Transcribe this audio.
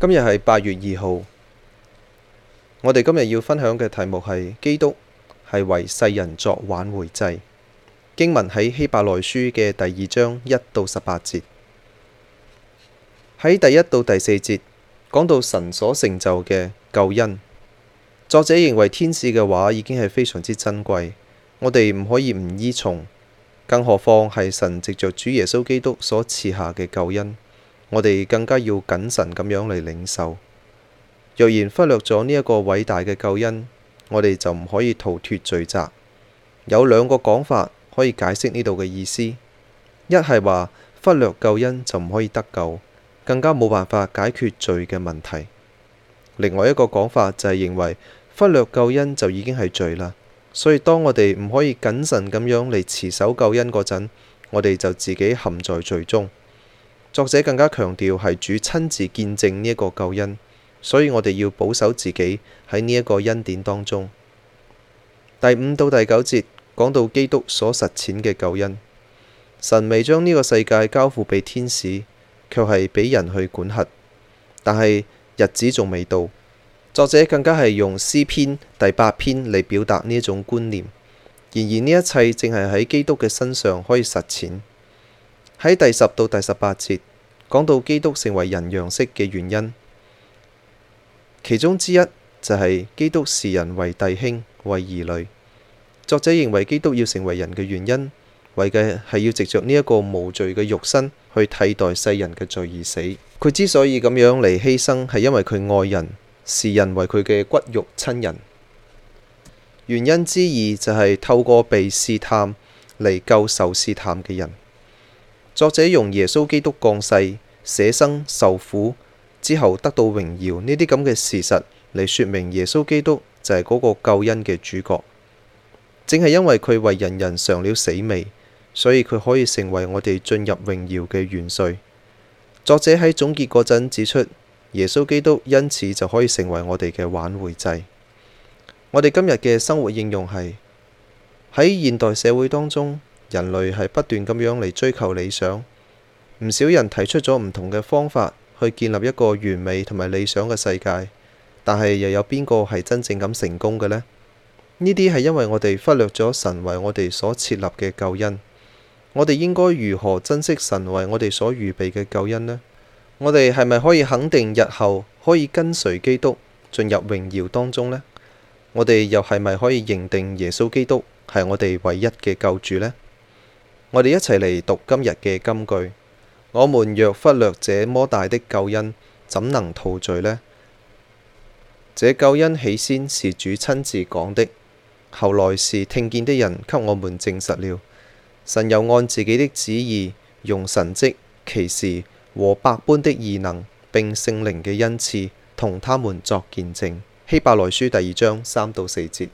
今日係八月二號，我哋今日要分享嘅題目係基督係為世人作挽回祭。經文喺希伯來書嘅第二章一到十八節，喺第一到第四節講到神所成就嘅救恩。作者認為天使嘅話已經係非常之珍貴，我哋唔可以唔依從，更何況係神藉着主耶穌基督所賜下嘅救恩。我哋更加要謹慎咁樣嚟領受。若然忽略咗呢一個偉大嘅救恩，我哋就唔可以逃脫罪責。有兩個講法可以解釋呢度嘅意思：一係話忽略救恩就唔可以得救，更加冇辦法解決罪嘅問題；另外一個講法就係認為忽略救恩就已經係罪啦。所以當我哋唔可以謹慎咁樣嚟持守救恩嗰陣，我哋就自己陷在罪中。作者更加強調係主親自見證呢一個救恩，所以我哋要保守自己喺呢一個恩典當中。第五到第九節講到基督所實踐嘅救恩，神未將呢個世界交付俾天使，卻係俾人去管轄，但係日子仲未到。作者更加係用詩篇第八篇嚟表達呢一種觀念。然而呢一切淨係喺基督嘅身上可以實踐。喺第十到第十八節，講到基督成為人樣式嘅原因，其中之一就係基督視人為弟兄，為兒女。作者認為基督要成為人嘅原因，為嘅係要藉着呢一個無罪嘅肉身去替代世人嘅罪而死。佢之所以咁樣嚟犧牲，係因為佢愛人，視人為佢嘅骨肉親人。原因之二就係透過被試探嚟救受試探嘅人。作者用耶穌基督降世、捨生受苦之後得到榮耀呢啲咁嘅事實嚟說明耶穌基督就係嗰個救恩嘅主角。正係因為佢為人人嘗了死味，所以佢可以成為我哋進入榮耀嘅元帥。作者喺總結嗰陣指出，耶穌基督因此就可以成為我哋嘅挽回祭。我哋今日嘅生活應用係喺現代社會當中。人類係不斷咁樣嚟追求理想，唔少人提出咗唔同嘅方法去建立一個完美同埋理想嘅世界，但係又有邊個係真正咁成功嘅呢？呢啲係因為我哋忽略咗神為我哋所設立嘅救恩。我哋應該如何珍惜神為我哋所預備嘅救恩呢？我哋係咪可以肯定日後可以跟隨基督進入榮耀當中呢？我哋又係咪可以認定耶穌基督係我哋唯一嘅救主呢？我哋一齊嚟讀今日嘅金句。我們若忽略這麼大的救恩，怎能逃罪呢？這救恩起先是主親自講的，後來是聽見的人給我們證實了。神又按自己的旨意，用神蹟、奇事和百般的異能，並聖靈嘅恩賜，同他們作見證。希伯來書第二章三到四節。